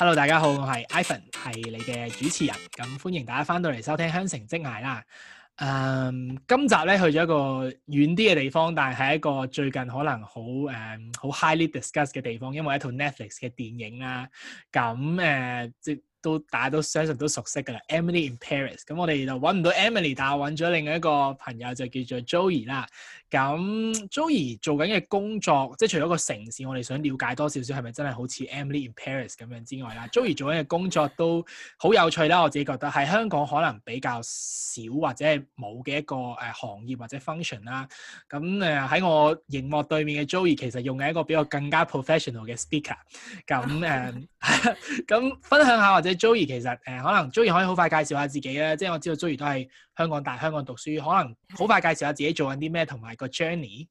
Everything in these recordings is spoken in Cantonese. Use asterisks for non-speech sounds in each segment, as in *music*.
Hello，大家好，我係 Ivan，係你嘅主持人，咁歡迎大家翻到嚟收聽《香城職涯》啦。誒、嗯，今集咧去咗一個遠啲嘅地方，但係係一個最近可能好誒好、嗯、highly discussed 嘅地方，因為一套 Netflix 嘅電影啦。咁誒、呃，即都大家都相信都熟悉噶啦，《Emily in Paris》。咁我哋就揾唔到 Emily，但係我揾咗另一個朋友就叫做 Joey 啦。咁 Joei 做緊嘅工作，即係除咗個城市，我哋想了解多少少係咪真係好似 Emily in Paris 咁樣之外啦，Joei 做緊嘅工作都好有趣啦，我自己覺得喺香港可能比較少或者係冇嘅一個誒行業或者 function 啦。咁誒喺我熒幕對面嘅 Joei 其實用嘅一個比較更加 professional 嘅 speaker。咁誒，咁 *laughs* *laughs* 分享下或者 Joei 其實誒、呃、可能 Joei 可以好快介紹下自己啦，即係我知道 Joei 都係。香港大，香港讀書，可能好快介紹下自己做緊啲咩，同埋個 journey。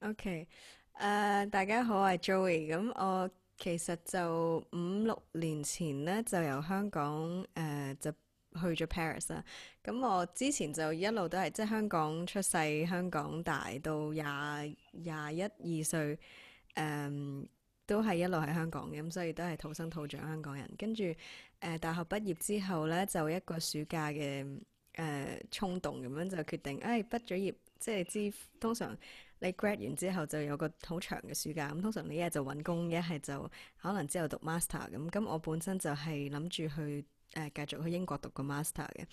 OK，誒、uh, 大家好，我係 Joei。咁我其實就五六年前咧，就由香港誒、uh, 就去咗 Paris 啦。咁我之前就一路都係即係香港出世，香港大到廿廿、um, 一二歲，誒都係一路喺香港咁，所以都係土生土長香港人。跟住誒大學畢業之後咧，就一個暑假嘅。誒、呃、衝動咁樣就決定，誒、哎、畢咗業即係知通常你 grad 完之後就有個好長嘅暑假，咁通常你一係就揾工，一係就可能之後讀 master 咁。咁我本身就係諗住去。誒、呃、繼續去英國讀個 master 嘅、嗯，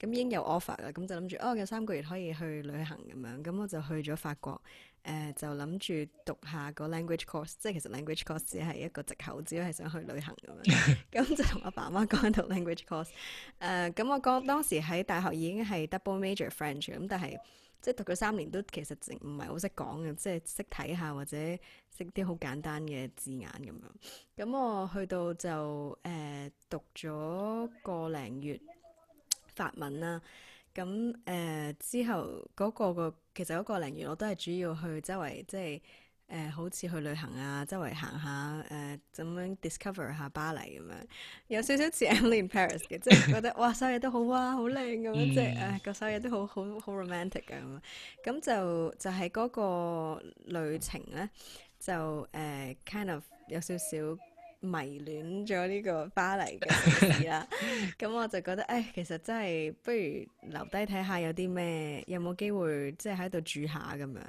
咁已英有 offer 啦，咁、嗯、就諗住哦，有三個月可以去旅行咁樣，咁、嗯嗯、我就去咗法國，誒、呃、就諗住讀下個 language course，即係其實 language course 只係一個藉口，只係想去旅行咁樣，咁、嗯 *laughs* 嗯、就同阿爸媽講讀 language course，誒、嗯、咁、嗯嗯、我講當時喺大學已經係 double major French 咁、嗯，但係，.即係讀佢三年都其實淨唔係好識講嘅，即係識睇下或者識啲好簡單嘅字眼咁樣。咁我去到就誒、呃、讀咗個零月法文啦。咁誒、呃、之後嗰、那個個其實嗰個零月我都係主要去周圍即係。誒、呃、好似去旅行啊，周圍行下誒，咁、呃、樣 discover 下巴黎咁樣，有少少似 Emily in Paris 嘅，即係覺得 *laughs* 哇，首嘢都好哇、啊，好靚咁、啊， *laughs* 即係誒，個首嘢都好好好 romantic 啊咁，咁就就係、是、嗰個旅程咧，就誒、呃、kind of 有少少，迷戀咗呢個巴黎嘅事啦，咁 *laughs* *laughs* 我就覺得，誒，其實真係不如留低睇下看看有啲咩，有冇機會即係喺度住下咁樣。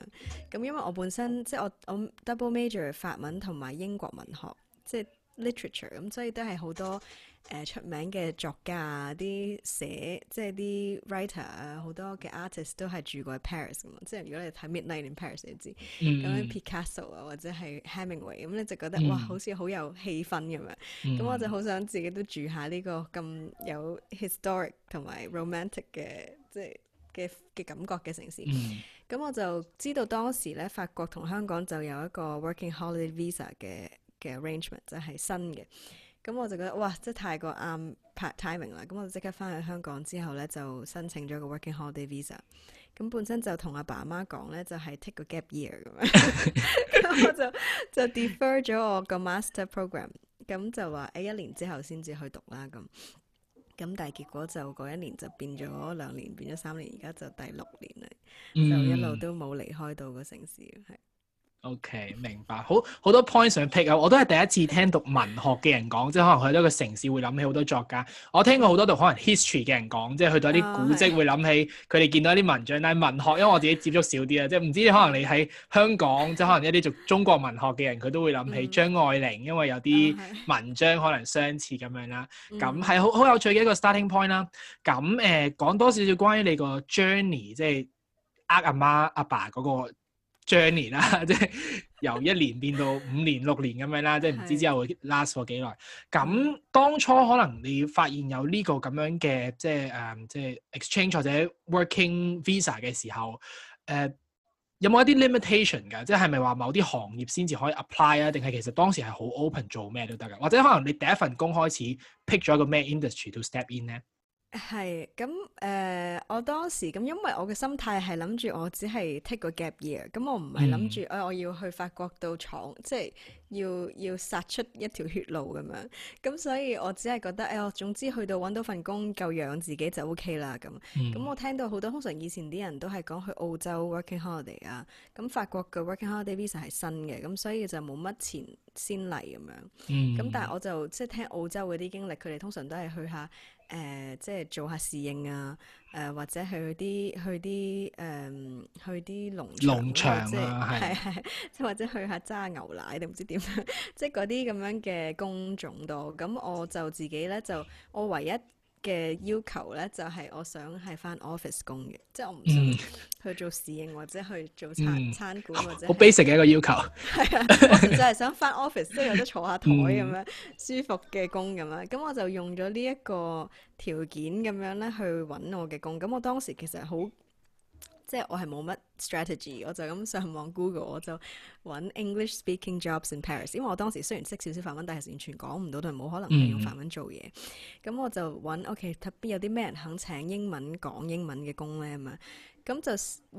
咁因為我本身即係我我 double major 法文同埋英國文學，即係 literature，咁所以都係好多。誒、呃、出名嘅作家啊，啲寫，即係啲 writer 啊，好多嘅 artist 都係住過喺 Paris 嘅嘛。即係如果你睇 Midnight in Paris 你知，咁樣、嗯、Picasso 啊或者係 Hemingway 咁你就覺得、嗯、哇，好似好有氣氛咁樣。咁、嗯、我就好想自己都住下呢個咁有 historic 同埋 romantic 嘅，即係嘅嘅感覺嘅城市。咁、嗯、我就知道當時咧，法國同香港就有一個 working holiday visa 嘅嘅 arrangement，就係新嘅。咁我就覺得哇，真係太過啱 timing 啦！咁我就即刻翻去香港之後咧，就申請咗個 working holiday visa。咁本身就同阿爸阿媽講咧，就係 take 個 gap year 咁樣，咁我就就 defer 咗我個 master program。咁就話誒，一年之後先至去讀啦咁。咁但係結果就嗰一年就變咗兩年，變咗三年，而家就第六年啦，就一路都冇離開到個城市係。O.K. 明白，好好多 point 想 pick 啊！我都係第一次聽讀文學嘅人講，即係可能去到一個城市會諗起好多作家。我聽過好多讀可能 history 嘅人講，即係去到一啲古蹟會諗起佢哋見到一啲文章。但係文學，因為我自己接觸少啲啦，即係唔知可能你喺香港， *laughs* 即係可能一啲讀中國文學嘅人，佢都會諗起張愛玲，因為有啲文章可能相似咁樣啦。咁係好好有趣嘅一個 starting point 啦。咁誒，講、呃、多少少關於你個 journey，即係阿阿媽阿爸嗰、那個。Journey 啦，即係 Journey, *laughs* 由一年變到五年、 *laughs* 六年咁樣啦，即係唔知之後會 last 過幾耐。咁的當初可能你發現有呢個咁樣嘅，即係誒，即、呃、係、就是、exchange 或者 working visa 嘅時候，誒、呃、有冇一啲 limitation 㗎？即係咪話某啲行業先至可以 apply 啊？定係其實當時係好 open，做咩都得㗎？或者可能你第一份工開始 pick 咗個咩 industry to step in 咧？係咁誒，我當時咁，因為我嘅心態係諗住我只係 take 個 gap year，咁我唔係諗住誒我要去法國度闖，即係要要殺出一條血路咁樣。咁所以，我只係覺得誒、哎，我總之去到揾到份工夠養自己就 O、OK、K 啦咁。咁、嗯、我聽到好多，通常以前啲人都係講去澳洲 working holiday 啊，咁法國嘅 working holiday visa 係新嘅，咁所以就冇乜前先例咁樣。咁、嗯、但係我就即係聽澳洲嗰啲經歷，佢哋通常都係去下。誒、呃，即係做下侍應啊！誒、呃，或者去啲去啲誒，去啲、呃、農場農場啊，係係者的，或者去下揸牛奶定唔知點樣，即係嗰啲咁樣嘅工種度。咁我就自己咧，就我唯一嘅要求呢，就係、是、我想係翻 office 工嘅，即係我唔想去做侍應或者去做餐、嗯、餐館，或者好 basic 嘅一個要求。係 *laughs* 啊， *laughs* *laughs* 我就係想翻 office，即都有得坐下台咁樣舒服嘅工咁樣。咁我就用咗呢一個條件咁樣呢，去揾我嘅工。咁我當時其實好，即係我係冇乜。strategy，我就咁上網 Google，我就揾 English speaking jobs in Paris。因為我當時雖然識少少法文，但係完全講唔到，都係冇可能用法文做嘢。咁、嗯、我就揾 OK，特別有啲咩人肯請英文講英文嘅工呢？咁、嗯、就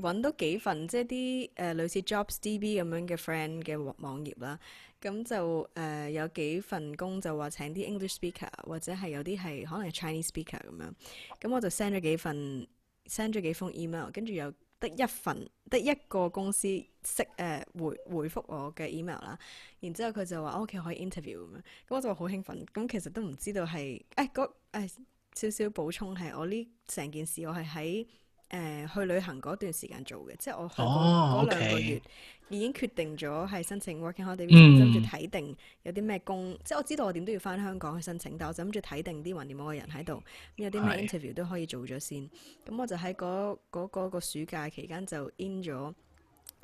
揾到幾份，即係啲誒類似 Jobs DB 咁樣嘅 friend 嘅網頁啦。咁、嗯、就誒、呃、有幾份工就話請啲 English speaker，或者係有啲係可能係 Chinese speaker 咁樣。咁我就 send 咗幾份，send 咗幾封 email，跟住有。得一份，得一個公司識誒、呃、回回覆我嘅 email 啦，然之後佢就話 OK 可以 interview 咁樣，咁我就好興奮，咁其實都唔知道係誒嗰，誒少少補充，係我呢成件事，我係喺。誒、呃、去旅行嗰段時間做嘅，即係我嗰、哦、兩個月 okay. 已經決定咗係申請 working holiday，諗住睇、嗯、定有啲咩工。即係我知道我點都要翻香港去申請，但我就諗住睇定啲雲尼摩嘅人喺度，嗯、有啲咩 interview 是都可以做咗先。咁、嗯、我就喺嗰、嗰個嗰個嗰個暑假期間就 in 咗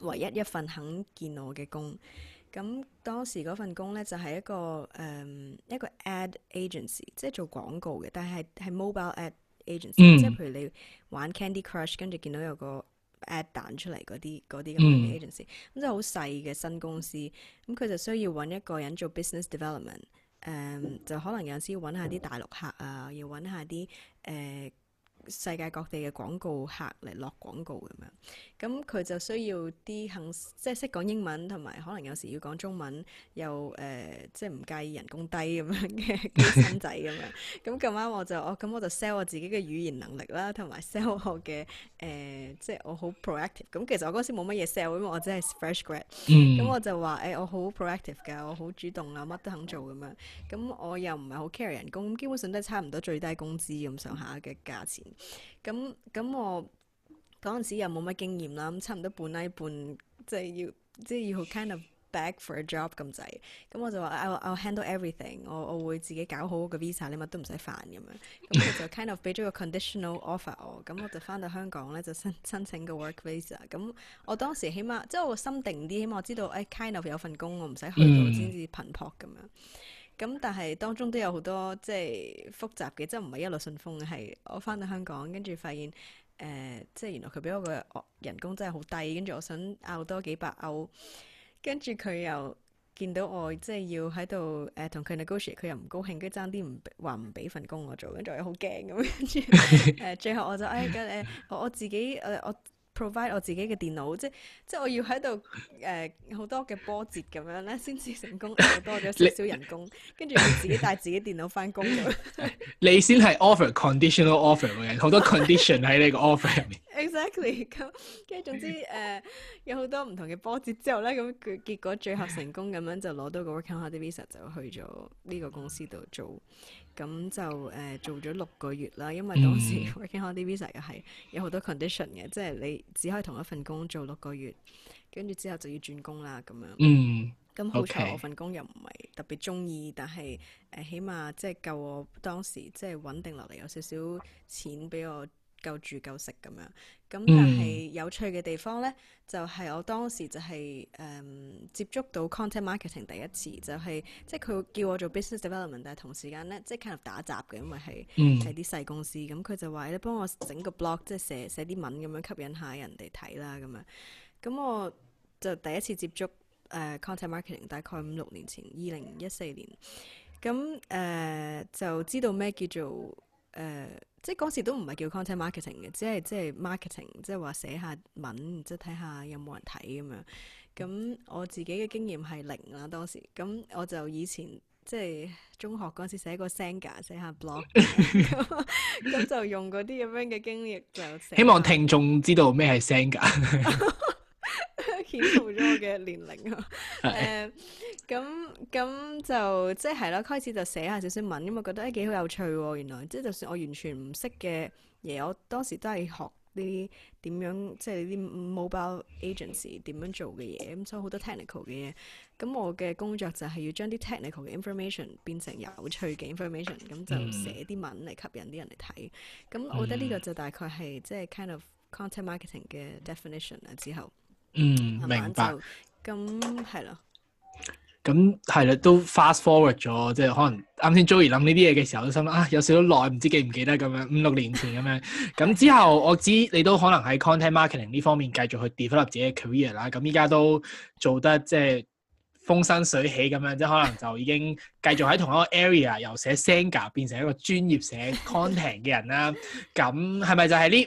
唯一一份肯見我嘅工。咁當時嗰份工咧就係、是、一個誒、嗯、一個 ad agency，即係做廣告嘅，但係係 mobile ad。agency、嗯、即係譬如你玩 Candy Crush，跟住見到有個 ad 彈出嚟，嗰啲嗰啲咁樣嘅 agency，咁、嗯、即係好細嘅新公司，咁佢就需要揾一個人做 business development，誒、um, 就可能有陣時要揾下啲大陸客啊，要揾下啲誒。呃世界各地嘅廣告客嚟落廣告咁樣，咁佢就需要啲肯即係識講英文，同埋可能有時要講中文，又誒、呃、即係唔介意人工低咁樣嘅僱傭仔咁樣。咁咁啱我就我咁、哦、我就 sell 我自己嘅語言能力啦，同埋 sell 我嘅誒、呃、即係我好 proactive。咁其實我嗰時冇乜嘢 sell，因為我只係 fresh grad。嗯。咁我就話誒、欸，我好 proactive 㗎，我好主動啊，乜都肯做咁樣。咁我又唔係好 care 人工，基本上都係差唔多最低工資咁上下嘅價錢。嗯咁咁、嗯、我嗰陣時又冇乜經驗啦，咁差唔多半拉半，即係要即係要好 kind of back for a job 咁滯。咁我就話 I'll I'll handle everything，我我會自己搞好個 visa，你乜都唔使煩咁樣。咁 *laughs* 佢就 kind of 俾咗個 conditional offer 我，咁我就翻到香港咧就申申請個 work visa。咁我當時起碼即係我心定啲，起碼我知道誒、哎、kind of 有份工，我唔使去到先至頻撲咁樣。咁但係當中都有好多即係複雜嘅，即係唔係一路順風嘅。係我返到香港，跟住發現誒、呃，即係原來佢俾我個人工真係好低，跟住我想拗多幾百歐，跟住佢又見到我即係要喺度誒同佢 negotiate，佢又唔高興，跟住爭啲唔話唔俾份工我做，跟住我好驚咁，跟住誒最後我就誒咁誒，我我自己誒我。我 Provide 我自己嘅電腦，即係即係我要喺度誒好多嘅波折咁樣咧，先至成功攞 *laughs* 多咗少少人工，跟住 *laughs* 自己帶自己電腦返工。 *laughs* 你先係 offer conditional offer，好 *laughs* 多 condition 喺呢個 offer 入面。 *laughs* Exactly，咁跟住總之誒、呃、有好多唔同嘅波折之後咧，咁結結果最後成功咁樣就攞到個 workcard visa 就去咗呢個公司度做。咁就誒、呃、做咗六個月啦，因為當時 working holiday visa 又係有好多 condition 嘅，mm. 即係你只可以同一份工做六個月，跟住之後就要轉工啦咁樣。嗯，咁好彩我份工又唔係特別鍾意，但係誒、呃、起碼即係夠我當時即係、就是、穩定落嚟，有少少錢俾我。夠住夠食咁樣，咁但係有趣嘅地方咧，就係、是、我當時就係、是、誒、嗯、接觸到 content marketing 第一次，就係、是、即係佢叫我做 business development，但係同時間咧即係 kind of 打雜嘅，因為係係啲細公司，咁、嗯、佢就話咧幫我整個 blog，即係寫寫啲文咁樣吸引下人哋睇啦咁樣，咁我就第一次接觸誒、呃、content marketing，大概五六年前，二零一四年，咁、嗯、誒、呃、就知道咩叫做誒。呃即係嗰時都唔係叫 content marketing 嘅，只係即係 marketing，即係話寫下文，即係睇下有冇人睇咁樣。咁我自己嘅經驗係零啦，當時。咁我就以前即係中學嗰時寫個 senger，寫下 blog，咁 *laughs* *laughs* 就用嗰啲咁樣嘅經驗就寫。希望聽眾知道咩係 senger，顯露咗我嘅年齡啊！誒。 *laughs* 是 咁咁就即係咯，開始就寫下少少文，咁啊覺得誒幾好有趣喎！原來即係就算我完全唔識嘅嘢，我當時都係學啲點樣，即係啲 mobile agency 點樣做嘅嘢，咁所以好多 technical 嘅嘢。咁我嘅工作就係要將啲 technical 嘅 information 變成有趣嘅 information，咁就寫啲文嚟吸引啲人嚟睇。咁我覺得呢個就大概係即係 kind of content marketing 嘅 definition 啦。之後，嗯，明白。咁係咯。咁係啦，都 fast forward 咗，即係可能啱先 Joei 諗呢啲嘢嘅時候都心諗啊，有少少耐，唔知記唔記得咁樣五六年前咁樣。咁之後我知你都可能喺 content marketing 呢方面繼續去 develop 自己嘅 career 啦。咁依家都做得即係風生水起咁樣，即係可能就已經繼續喺同一個 area 由寫 singer 變成一個專業寫 content 嘅人啦。咁係咪就係呢？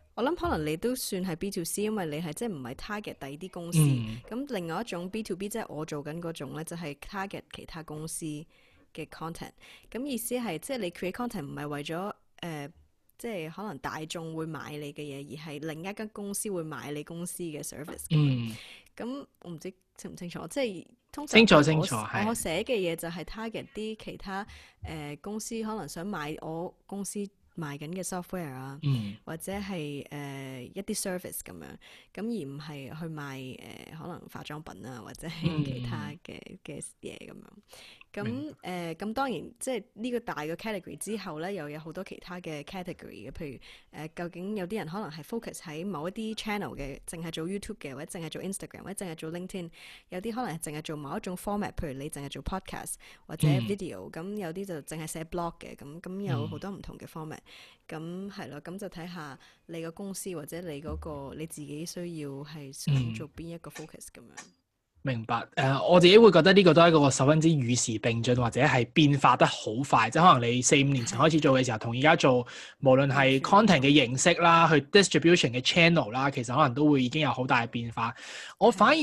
我諗可能你都算係 B to C，因為你係即係唔係 target 第啲公司。咁、嗯、另外一種 B to B，即係我做緊嗰種咧，就係、是、target 其他公司嘅 content。咁意思係即係你 create content 唔係為咗誒，即係、呃、可能大眾會買你嘅嘢，而係另一間公司會買你公司嘅 service。嗯。咁我唔知清唔清楚，即係通常我，清楚清楚我寫嘅嘢就係 target 啲其他誒、呃、公司，可能想買我公司。賣緊嘅 software 啊，或者係誒、呃、一啲 service 咁樣，咁而唔係去賣誒、呃、可能化妝品啊，或者係其他嘅嘅嘢咁樣。咁誒咁當然，即係呢個大嘅 category 之後咧，又有好多其他嘅 category 嘅，譬如誒、呃，究竟有啲人可能係 focus 喺某一啲 channel 嘅，淨係做 YouTube 嘅，或者淨係做 Instagram，或者淨係做 LinkedIn。有啲可能係淨係做某一種 format，譬如你淨係做 podcast 或者 video、嗯。咁有啲就淨係寫 blog 嘅，咁咁有好多唔同嘅 format、嗯。咁係咯，咁就睇下你個公司或者你嗰個你自己需要係想做邊一個 focus 咁樣。嗯。明白，誒、uh, 我自己會覺得呢個都係一個十分之與時並進，或者係變化得好快。即係可能你四五年前開始做嘅時候，同而家做，無論係 content 嘅形式啦，去 distribution 嘅 channel 啦，其實可能都會已經有好大嘅變化。我反而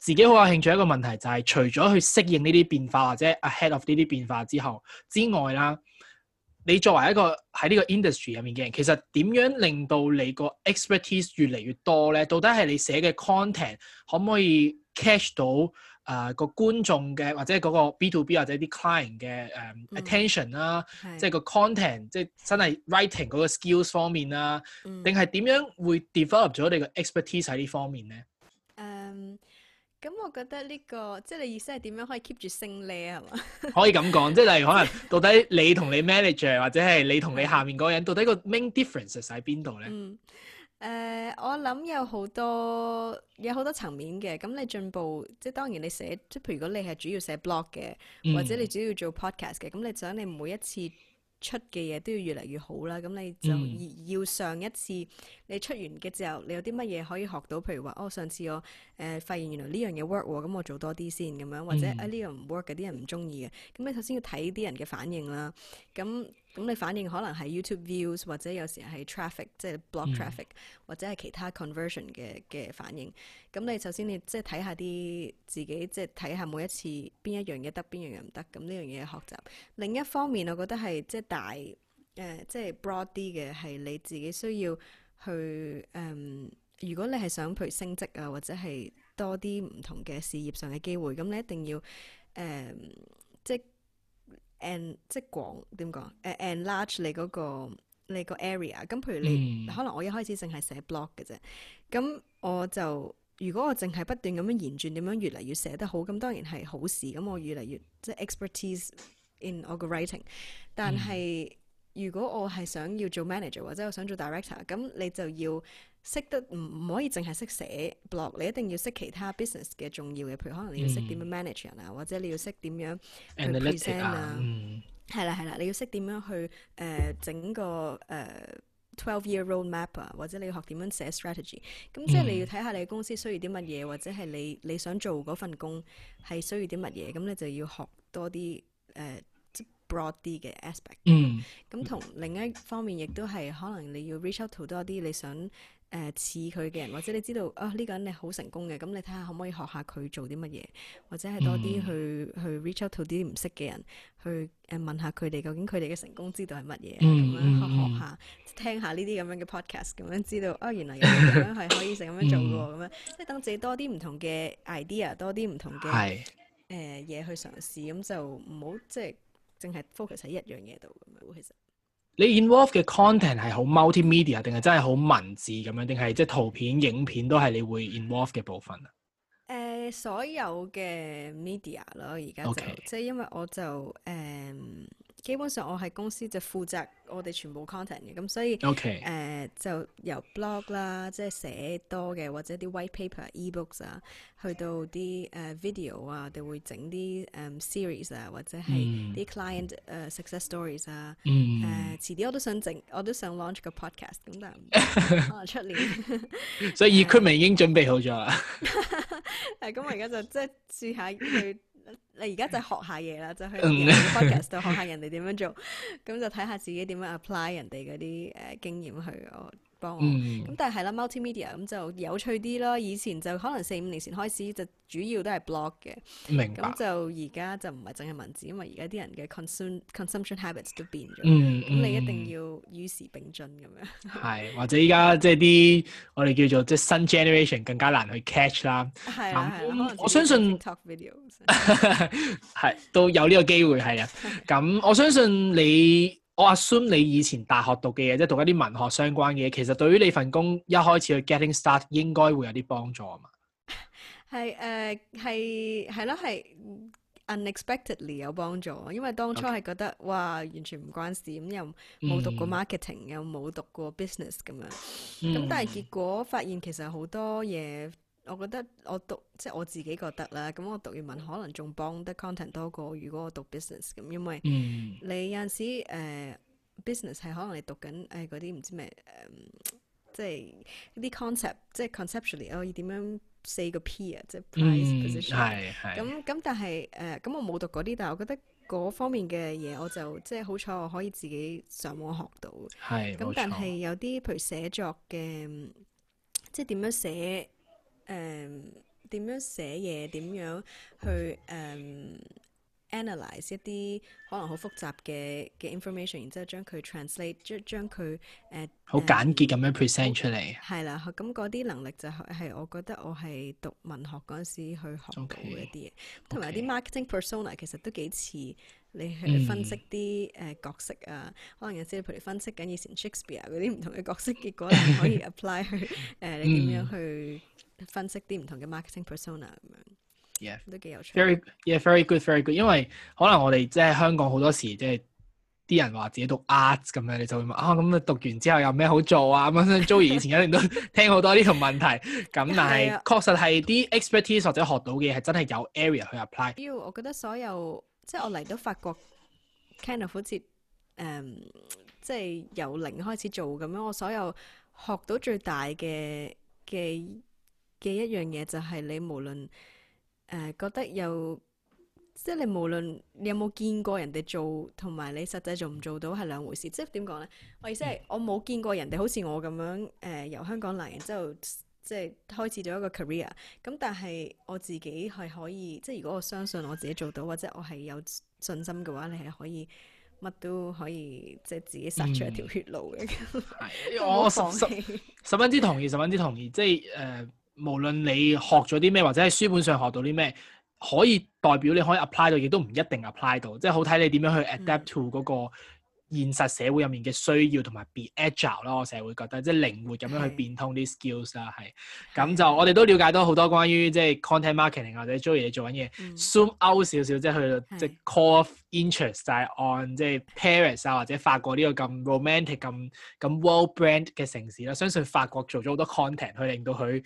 自己好有興趣一個問題，就係、是、除咗去適應呢啲變化，或者 ahead of 呢啲變化之後之外啦，你作為一個喺呢個 industry 入面嘅人，其實點樣令到你個 expertise 越嚟越多咧？到底係你寫嘅 content 可唔可以？catch 到誒個觀眾嘅或者嗰個 B to B 或者啲 client 嘅誒、um, attention 啦、嗯，啊、即係個 content，的即係真係 writing 嗰個 skills 方面啦，定係點樣會 develop 咗你嘅 expertise 喺呢方面咧？誒、嗯，咁、嗯嗯、我覺得呢、這個即係你意思係點樣可以 keep 住勝利係嘛？ *laughs* 可以咁講，即係例如可能到底你同你 manager 或者係你同你下面嗰個人，嗯、到底個 main differences 喺邊度咧？嗯誒，uh, 我諗有好多有好多層面嘅，咁你進步，即係當然你寫，即譬如果你係主要寫 blog 嘅，嗯、或者你主要做 podcast 嘅，咁你想你每一次出嘅嘢都要越嚟越好啦。咁你就要上一次、嗯、你出完嘅之後，你有啲乜嘢可以學到？譬如話，哦，上次我誒、呃、發現原來呢樣嘢 work 喎，咁我做多啲先咁樣，或者、嗯、啊呢樣唔 work 嘅啲人唔中意嘅，咁你首先要睇啲人嘅反應啦。咁咁你反應可能係 YouTube views 或者有時係 tra traffic，即係 blog traffic 或者係其他 conversion 嘅嘅反應。咁你首先你即係睇下啲自己，即係睇下每一次邊一樣嘢得，邊樣嘢唔得。咁呢樣嘢學習。另一方面，我覺得係即係大誒，即、呃、係、即係、broad 啲嘅係你自己需要去誒、呃。如果你係想譬如升職啊，或者係多啲唔同嘅事業上嘅機會，咁你一定要誒。呃 and 即係廣點講？誒 enlarge 你嗰、那個你個 area，咁譬如你、嗯、可能我一開始淨係寫 blog 嘅啫，咁我就如果我淨係不斷咁樣延續，點樣越嚟越寫得好，咁當然係好事，咁我越嚟越即係、就是、expertise in 我嘅 writing。但係、嗯、如果我係想要做 manager 或者我想做 director，咁你就要。識得唔唔可以淨係識寫 blog，你一定要識其他 business 嘅重要嘅，譬如可能你要識點樣 manage 人啊，或者你要識點樣去 present 啊，係啦係啦，你要識點樣去誒、呃、整個誒 twelve、呃、year roadmap 啊，或者你要學點樣寫 strategy。咁即係你要睇下你公司需要啲乜嘢，嗯、或者係你你想做嗰份工係需要啲乜嘢，咁你就要學多啲誒即 broad 啲嘅 aspect。呃就是、as 嗯，咁同另一方面亦都係可能你要 reach out to 多啲你想。誒、呃、似佢嘅人，或者你知道啊呢、哦這個人你好成功嘅，咁你睇下可唔可以學下佢做啲乜嘢，或者係多啲去、mm hmm. 去，去 reach out to 啲唔識嘅人，去誒問下佢哋究竟佢哋嘅成功之道係乜嘢，咁、mm hmm. 樣學學下，聽下呢啲咁樣嘅 podcast，咁樣知道啊、哦、原來係可以成咁樣做嘅喎，咁 *laughs* 樣即係等自己多啲唔同嘅 idea，多啲唔同嘅誒嘢去嘗試，咁就唔好即係淨係 focus 喺一樣嘢度咁樣，其實。你 involve 嘅 content 係好 multimedia 定係真係好文字咁樣，定係即係圖片、影片都係你會 involve 嘅部分啊？誒、呃，所有嘅 media 咯，而家就 Okay. 即係因為我就誒。呃基本上我喺公司就負責我哋全部 content 嘅，咁所以 o Okay .誒、呃、就由 blog 啦，即、就、係、是、寫多嘅或者啲 white paper、e、ebooks 啊，去到啲誒、呃、video 啊，我哋會整啲誒 series 啊，或者係啲 client 誒、mm. success stories 啊、呃，誒遲啲我都想整，我都想 launch 個 podcast，咁但係出年，所以 equipment 已經準備好咗啦。誒、 *laughs* 啊，咁我而家就即係試下去。你而家就學下嘢啦， *laughs* 就去 podcast 度學下人哋點樣做，咁 *laughs* 就睇下自己點樣 apply 人哋嗰啲呃經驗去我。嗯，咁但係係啦，multimedia 咁就有趣啲啦。以前就可能四五年前開始就主要都係 blog 嘅。明白。咁就而家就唔係淨係文字，因為而家啲人嘅 consume consumption habits 都變咗。嗯。嗯，咁你一定要與時並進咁樣。係，或者依家即係啲我哋叫做即係新 generation 更加難去 catch 啦。係我相信。TikTok video 係，都有呢個機會係啊。咁我相信你。我 assume 你以前大學讀嘅嘢，即係讀一啲文學相關嘅嘢，其實對於你份工一開始去 getting start 應該會有啲幫助啊嘛。係誒係係咯、uh, 係 unexpectedly 有幫助，因為當初係覺得 Okay. 哇完全唔關事，咁又冇讀過 marketing、嗯、又冇讀過 business 咁樣，咁、嗯、但係結果發現其實好多嘢。我覺得我讀即係我自己覺得啦，咁我讀完文可能仲幫得 content 多過如果我讀 business 咁，因為你有陣時誒、嗯呃、business 係可能你讀緊誒嗰啲唔知咩誒、呃，即係啲 concept，即係 conceptually，我、呃、要點樣四個 P 啊、嗯，即係 price，position 係係咁咁，但係誒咁我冇讀嗰啲，但係我，我覺得嗰方面嘅嘢我就即係好彩我可以自己上網學到，係咁，但係有啲譬如寫作嘅，即係點樣寫。誒點、um, 樣寫嘢？點樣去誒、um, analyse 一啲可能好複雜嘅嘅 information，然之後將佢 translate 將將佢誒好簡潔咁樣 present 出嚟。係啦，咁嗰啲能力就係我覺得我係讀文學嗰陣時去學到一啲嘢，同埋啲 marketing persona 其實都幾似你去分析啲誒角色啊，嗯、可能有時你譬如分析緊以前 Shakespeare 嗰啲唔同嘅角色，結果 Salt 你可以 apply 去、uh, *laughs* uh, 你點樣去。分析啲唔同嘅 marketing persona 咁樣，Yeah 都幾有趣。Very yeah, very good, very good。因為可能我哋即係香港好多時，即係啲人話自己讀 arts 咁樣，你就會問啊，咁、嗯、你讀完之後有咩好做啊？咁樣 Joei 以前一定都聽好多呢啲問題，咁 *laughs* 但係、啊、確實係啲 expertise 或者學到嘅嘢係真係有 area 去 apply。j 我覺得所有即係我嚟到法國 Canada 好似誒，kind of like, um, 即係由零開始做咁樣，我所有學到最大嘅嘅。嘅一樣嘢就係你無論誒、呃、覺得有，即係你無論你有冇見過人哋做，同埋你實際做唔做到係兩回事。即係點講咧？我意思係我冇見過人哋好似我咁樣誒、呃、由香港嚟，然之後即係開始咗一個 career。咁但係我自己係可以，即係如果我相信我自己做到，或者我係有信心嘅話，你係可以乜都可以，即係自己殺出一條血路嘅。嗯、 *laughs* 我十， *laughs* 十分之同意，十分之同意。即係誒。呃無論你學咗啲咩，或者係書本上學到啲咩，可以代表你可以 apply 到，亦都唔一定 apply 到，即係好睇你點樣去 adapt to 嗰、嗯、個現實社會入面嘅需要同埋 be agile 咯。我成日會覺得即係、就是、靈活咁的的樣去變通啲 skills 啦。係，咁就我哋都了解到好多關於即係、就是、content marketing 或者 Joei 做嘢做緊嘢，zoom out 少少，的即係去即係 call of interest on 即係 Paris 啊或者法國呢個咁 romantic 咁咁、嗯、world brand 嘅城市啦。相信法國做咗好多 content 去令到佢。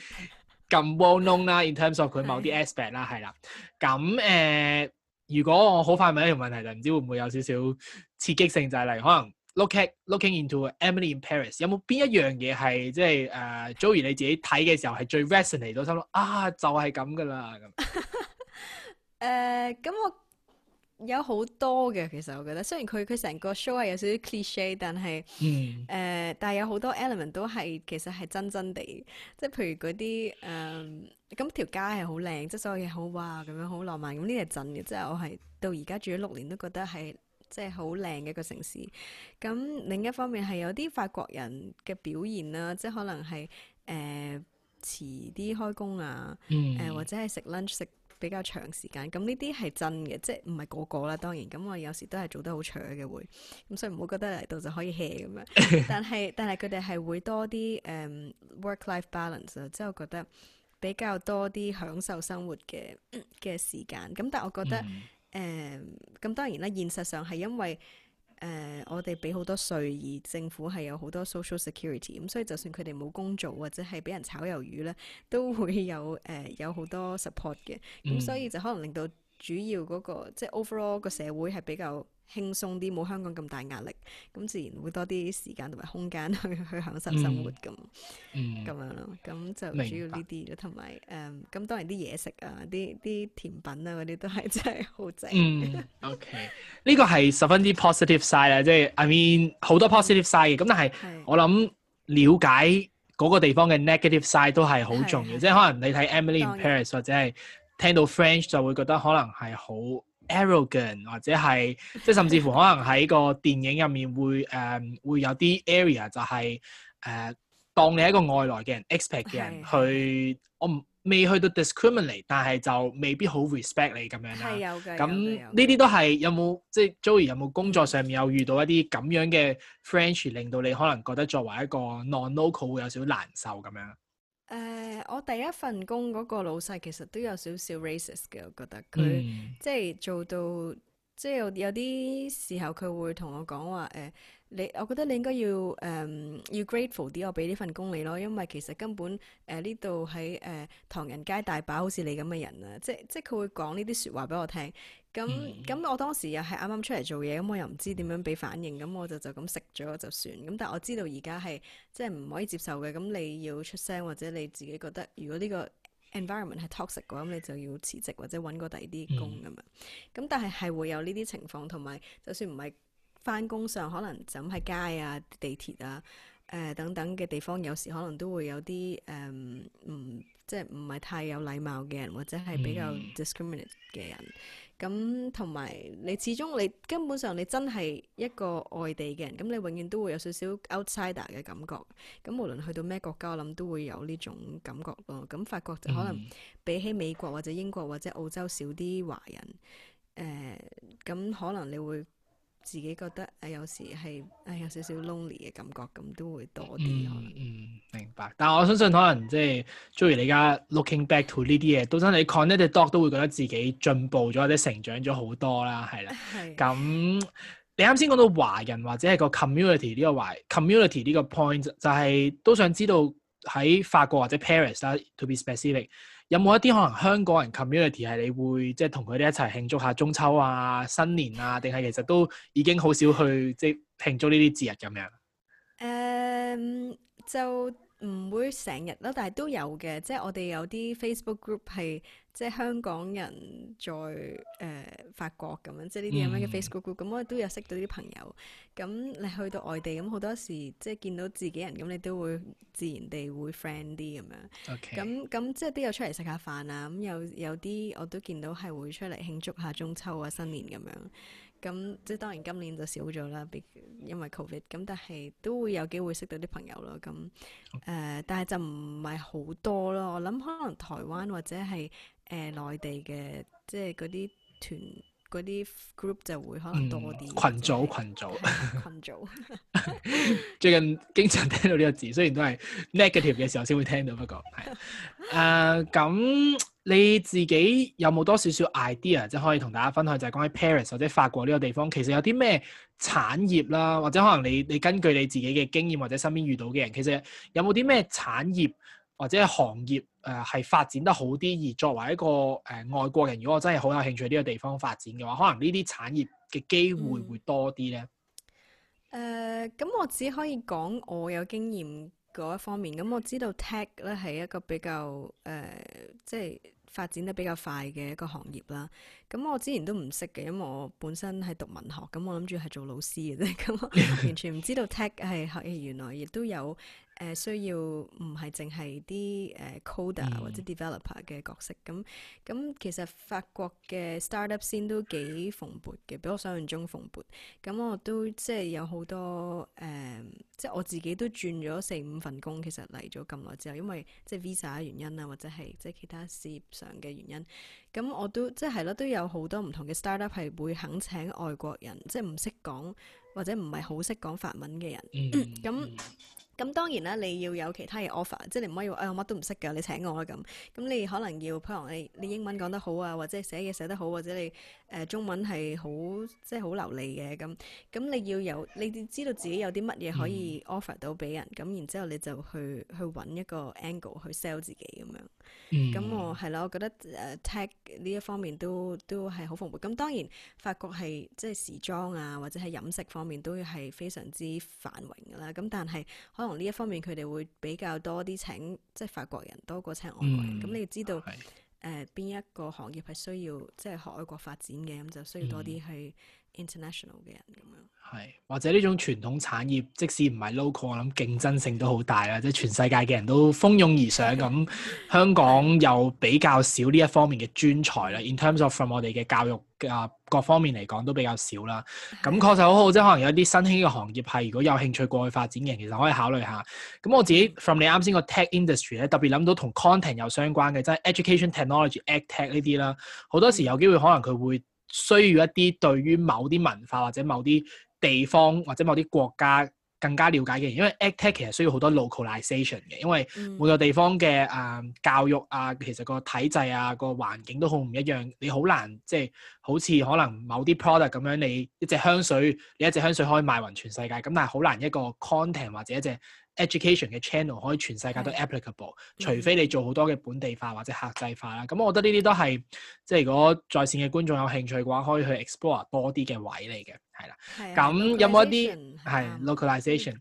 咁 well known 啦，in terms of 佢的某啲 aspect 啦，係啦。咁、呃、誒，如果我好快問一樣問題就唔知會唔會有少少刺激性，就係、是、例如可能 looking looking into Emily in Paris，有冇邊一樣嘢係即係誒、呃、Joey 你自己睇嘅時候係最 resonate 到心咯？啊，就係咁㗎啦。誒、 *laughs* 呃，咁我。有好多嘅，其實我覺得，雖然佢佢成個 show 係有少少 cliche，但係誒、嗯呃，但係有好多 element 都係其實係真真地，即係譬如嗰啲誒，咁、呃、條街係好靚，即係所有嘢好哇咁樣好浪漫，咁呢啲係真嘅，即係我係到而家住咗六年都覺得係即係好靚嘅一個城市。咁、嗯、另一方面係有啲法國人嘅表現啦，即係可能係誒、呃、遲啲開工啊，誒、呃、或者係食 lunch 食。比較長時間，咁呢啲係真嘅，即係唔係個個啦。當然，咁我有時都係做得好長嘅會，咁所以唔會覺得嚟到就可以 hea 咁樣。但係但係佢哋係會多啲誒、um, work-life balance 啊，即係覺得比較多啲享受生活嘅嘅時間。咁但係我覺得誒咁、嗯呃、當然啦，現實上係因為。誒，uh, 我哋俾好多稅，而政府係有好多 social security，咁所以就算佢哋冇工做或者係俾人炒魷魚咧，都會有誒、uh, 有好多 support 嘅，咁、嗯、所以就可能令到。主要嗰個即係 overall 個社會係比較輕鬆啲，冇香港咁大壓力，咁自然會多啲時間同埋空間去去享受生活咁，咁樣咯。咁就主要呢啲，同埋誒咁當然啲嘢食啊、啲啲甜品啊嗰啲都係真係好正。OK，呢個係十分之 positive side 啦，即係 I mean 好多 positive side 嘅。咁但係我諗了解嗰個地方嘅 negative side 都係好重要，即係可能你睇 Emily in Paris 或者係。聽到 French 就會覺得可能係好 arrogant，或者係即係甚至乎可能喺個電影入面會誒 *laughs* 會有啲 area 就係、是、誒、呃、當你係一個外來嘅人，expat e 嘅人 *laughs* 去，我唔未去到 discriminate，但係就未必好 respect 你咁樣啦、啊。係有嘅。咁呢啲都係有冇 *laughs* 即係 Joey 有冇工作上面有遇到一啲咁樣嘅 French 令到你可能覺得作為一個 non local 會有少少難受咁樣？誒，uh, 我第一份工嗰個老細其實都有少少 racist 嘅，我覺得佢、嗯、即係做到。即係有有啲時候佢會同我講話誒，你我覺得你應該要誒、呃、要 grateful 啲，我俾呢份工你咯，因為其實根本誒呢度喺誒唐人街大把好似你咁嘅人啊，即即係佢會講呢啲説話俾我聽。咁咁、嗯、我當時又係啱啱出嚟做嘢，咁我又唔知點樣俾反應，咁、嗯、我就就咁食咗就算。咁但係我知道而家係即係唔可以接受嘅，咁你要出聲，或者你自己覺得如果呢、呢個。environment 係 toxic 嘅、so、話、嗯，咁你就要辭職或者揾個第二啲工咁樣。咁但係係會有呢啲情況，同埋就算唔係返工上，可能走喺街啊、地鐵啊、誒等等嘅地方，有時可能都會有啲誒唔即係唔係太有禮貌嘅人，或者係比較 discriminate 嘅人。咁同埋你始終你根本上你真係一個外地嘅人，咁你永遠都會有少少 outsider 嘅感覺。咁無論去到咩國家，我諗都會有呢種感覺咯。咁法國就可能比起美國或者英國或者澳洲少啲華人，誒、呃、咁可能你會。自己覺得誒有時係誒有少少 lonely 嘅感覺，咁都會多啲可能。嗯，明白。但係我相信可能即係 Joey 你而家 looking back to 呢啲嘢，到真係 connect the dots 都會覺得自己進步咗或者成長咗好多啦，係啦。係的。咁你啱先講到華人或者係個 community 呢個華 community 呢個 point，就係都想知道喺法國或者 Paris 啦，to be specific。有冇一啲可能香港人 community 係你會即係同佢哋一齊慶祝下中秋啊、新年啊，定係其實都已經好少去即係、就是、慶祝呢啲節日咁樣？誒、um，就唔會成日啦，但係都有嘅，即係我哋有啲 Facebook group 係。即係香港人在誒、呃、法國咁樣，即係呢啲咁樣嘅 Facebook group，咁、嗯、我都有識到啲朋友。咁你去到外地，咁好多時即係見到自己人，咁你都會自然地會 friend 啲咁樣。OK。咁咁即係都有出嚟食下飯啊，咁有有啲我都見到係會出嚟慶祝下中秋啊、新年咁樣。咁即係當然今年就少咗啦，因為 COVID。咁但係都會有機會識到啲朋友咯。咁誒、呃，但係就唔係好多咯。我諗可能台灣或者係。誒內地嘅，即係嗰啲團嗰啲 group 就會可能多啲、嗯、群組群組羣組， *laughs* 最近經常聽到呢個字，雖然都係 negative 嘅時候先會聽到， *laughs* 不過係誒咁，你自己有冇多少少 idea，即係可以同大家分享，就係、是、講喺 Paris 或者法國呢個地方，其實有啲咩產業啦，或者可能你你根據你自己嘅經驗或者身邊遇到嘅人，其實有冇啲咩產業或者係行業？誒係、呃、發展得好啲，而作為一個誒、呃、外國人，如果我真係好有興趣呢個地方發展嘅話，可能呢啲產業嘅機會會多啲咧。誒、嗯，咁、呃、我只可以講我有經驗嗰一方面。咁我知道 tech 咧係一個比較誒，即、呃、係、就是、發展得比較快嘅一個行業啦。咁我之前都唔識嘅，因為我本身係讀文學，咁我諗住係做老師嘅啫，咁我完全唔知道 tech 係學業，原來亦都有。誒、呃、需要唔係淨係啲誒 coder 或者 developer 嘅角色咁，咁、嗯嗯嗯，其實法國嘅 startup 先都幾蓬勃嘅，比我想象中蓬勃。咁、嗯、我都即係有好多誒，即係、嗯、我自己都轉咗四五份工。其實嚟咗咁耐之後，因為即係 visa 原因啦、啊，或者係即係其他事業上嘅原因，咁我都即係係咯，都有好多唔同嘅 startup 係會肯請外國人，即係唔識講或者唔係好識講法文嘅人咁。嗯咁當然啦，你要有其他嘅 offer，即係你唔可以話誒我乜都唔識㗎，你請我啊咁。咁你可能要譬如你，你英文講得好啊，或者寫嘢寫得好，或者你誒、呃、中文係好即係好流利嘅咁。咁你要有你知道自己有啲乜嘢可以 offer 到俾人，咁、嗯、然之後你就去去揾一個 angle 去 sell 自己咁樣。咁、嗯嗯、我係啦，我覺得誒、呃、tech 呢一方面都都係好蓬勃。咁當然法國係即係時裝啊，或者係飲食方面都係非常之繁榮㗎啦。咁但係可呢一方面，佢哋會比較多啲請，即係法國人多過請外國人。咁、嗯、你知道，誒邊是、呃、一個行業係需要即係學外國發展嘅，咁就需要多啲去。嗯 international 嘅人咁樣，係或者呢種傳統產業，即使唔係 local，我諗競爭性都好大啦。即係全世界嘅人都蜂擁而上咁， *laughs* 香港有比較少呢一方面嘅專才啦。 *laughs* In terms of from 我哋嘅教育啊各方面嚟講，都比較少啦。咁 *laughs* 確實好好啫。即可能有一啲新興嘅行業係如果有興趣過去發展嘅人，其實可以考慮下。咁我自己 from 你啱先個 tech industry 咧，特別諗到同 content 有相關嘅，即係 education technology edtech 呢啲啦。好多時有機會可能佢會。需要一啲對於某啲文化或者某啲地方或者某啲國家更加了解嘅人，因為 adtech 其實需要好多 localization 嘅，因為每個地方嘅啊、嗯嗯、教育啊，其實個體制啊個環境都好唔一樣，你難、就是、好難即係好似可能某啲 product 咁樣，你一隻香水，你一隻香水可以賣勻全世界，咁但係好難一個 content 或者一隻。Education 嘅 channel 可以全世界都 applicable，除非你做好多嘅本地化或者客製化啦。咁我覺得呢啲都係即係如果在線嘅觀眾有興趣嘅話，可以去 explore 多啲嘅位嚟嘅，係啦。咁有冇一啲係 localization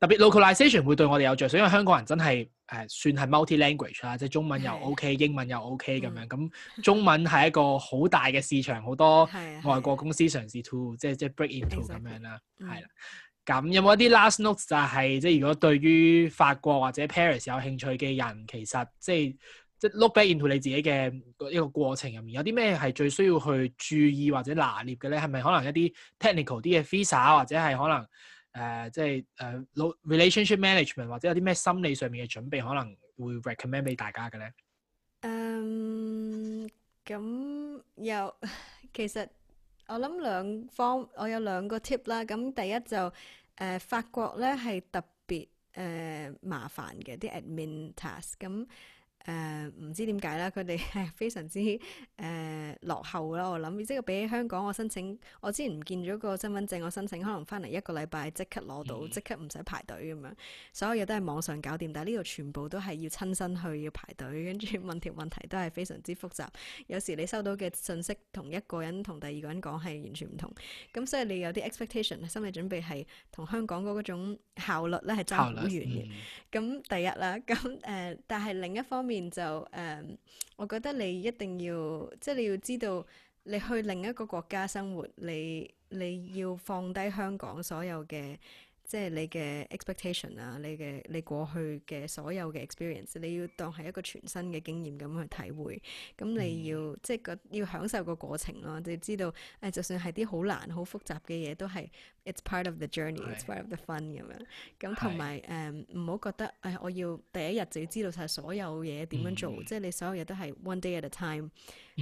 特別 localization 會對我哋有著數，因為香港人真係誒算係 multi language 啦，即係中文又 OK，英文又 OK 咁樣。咁中文係一個好大嘅市場，好多外國公司嘗試 to 即係即係 break into 咁樣啦，係啦。咁有冇一啲 last notes 就係即係如果對於法國或者 Paris 有興趣嘅人，其實即係即 look back into 你自己嘅一個過程入面，有啲咩係最需要去注意或者拿捏嘅咧？係咪可能一啲 technical 啲嘅 visa，或者係可能誒即係誒 relationship management，或者有啲咩心理上面嘅準備可能會 recommend 俾大家嘅咧？嗯，um，咁又其實。我諗兩方，我有兩個 tip 啦。咁第一就是，誒、呃、法國咧係特別誒、呃、麻煩嘅啲 admin task 咁、嗯。誒，唔、呃、知點解啦，佢哋係非常之誒、呃、落後啦，我諗，即係比起香港我申請，我之前唔見咗個身份證，我申請可能翻嚟一個禮拜即刻攞到，即、嗯、刻唔使排隊咁樣，所有嘢都係網上搞掂。但係呢度全部都係要親身去，要排隊，跟住問條問題都係非常之複雜。有時你收到嘅信息同一個人同第二個人講係完全唔同，咁所以你有啲 expectation，心理準備係同香港嗰嗰種效率咧係差好遠嘅。咁、嗯嗯、第一啦，咁、嗯、誒，但係另一方面。然就誒，我覺得你一定要，即係你要知道，你去另一個國家生活，你你要放低香港所有嘅。即係你嘅 expectation 啊，你嘅你過去嘅所有嘅 experience，你要當係一個全新嘅經驗咁去體會，咁你要、嗯、即係個要享受個過程咯。就要知道，誒、哎，就算係啲好難、好複雜嘅嘢，都係 it's part of the journey，it's 是 part of the fun 咁是樣。咁同埋誒，唔好是、嗯嗯、覺得誒、哎，我要第一日就要知道晒所有嘢點樣做，嗯、即係你所有嘢都係 one day at a time，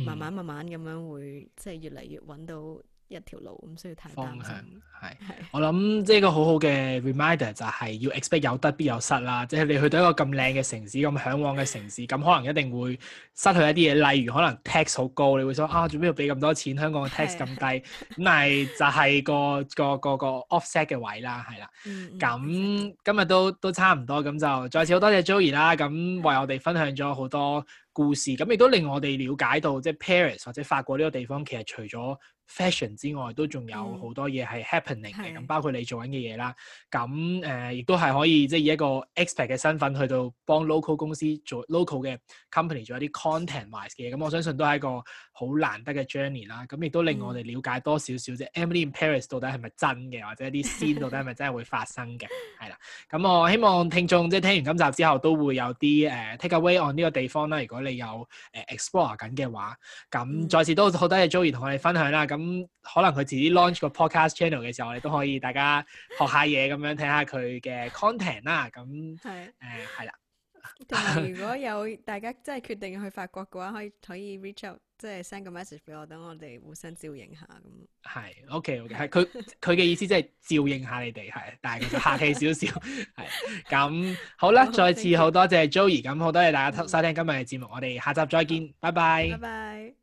慢慢慢慢咁樣會即係越嚟越揾到。一條路咁，唔需要太單一。方向係，是我諗即係一個好好嘅 reminder 就係要 expect 有得必有失啦。即係你去到一個咁靚嘅城市、咁向的往嘅城市，咁可能一定會失去一啲嘢，例如可能 tax 好高，你會想啊，做咩要俾咁多錢？香港嘅 tax 咁低，咁係的就係個 *laughs* 個個個，個 offset 嘅位啦，係啦。咁、嗯嗯、今日都都差唔多，咁就再次好多謝 Joei 啦，咁為我哋分享咗好多故事，咁亦都令我哋了解到，即係 Paris 或者法國呢個地方，其實除咗 fashion 之外，都仲有好多嘢係 happening 嘅，咁、嗯、包括你做緊嘅嘢啦。咁誒亦都係可以即係、就是、以一個 expert 嘅身份去到幫 local 公司做 local 嘅 company 做一啲 content wise 嘅嘢。咁我相信都係一個好難得嘅 journey 啦。咁亦都令我哋了解多少少啫。嗯、Emily in Paris 到底係咪真嘅，或者一啲 scene 到底係咪真係會發生嘅？係啦。 *laughs* 咁我希望聽眾即係聽完今集之後都會有啲誒、呃、take away on 呢個地方啦。如果你有誒、呃、explore 緊嘅話，咁、嗯、再次都好多謝 Joei 同我哋分享啦。咁咁可能佢自己 launch 個 podcast channel 嘅時候，我哋都可以大家學下嘢咁樣，睇下佢嘅 content 啦。咁誒係啦。同埋如果有大家真係決定去法國嘅話，可以可以 reach out，即係 send 個 message 俾我，等我哋互相照應下咁。係，OK，OK，係佢佢嘅意思即係照應下你哋係，但係佢就客氣少少係。咁好啦，再次好多謝 Joei，咁好多謝大家收聽今日嘅節目，我哋下集再見，拜拜。拜拜。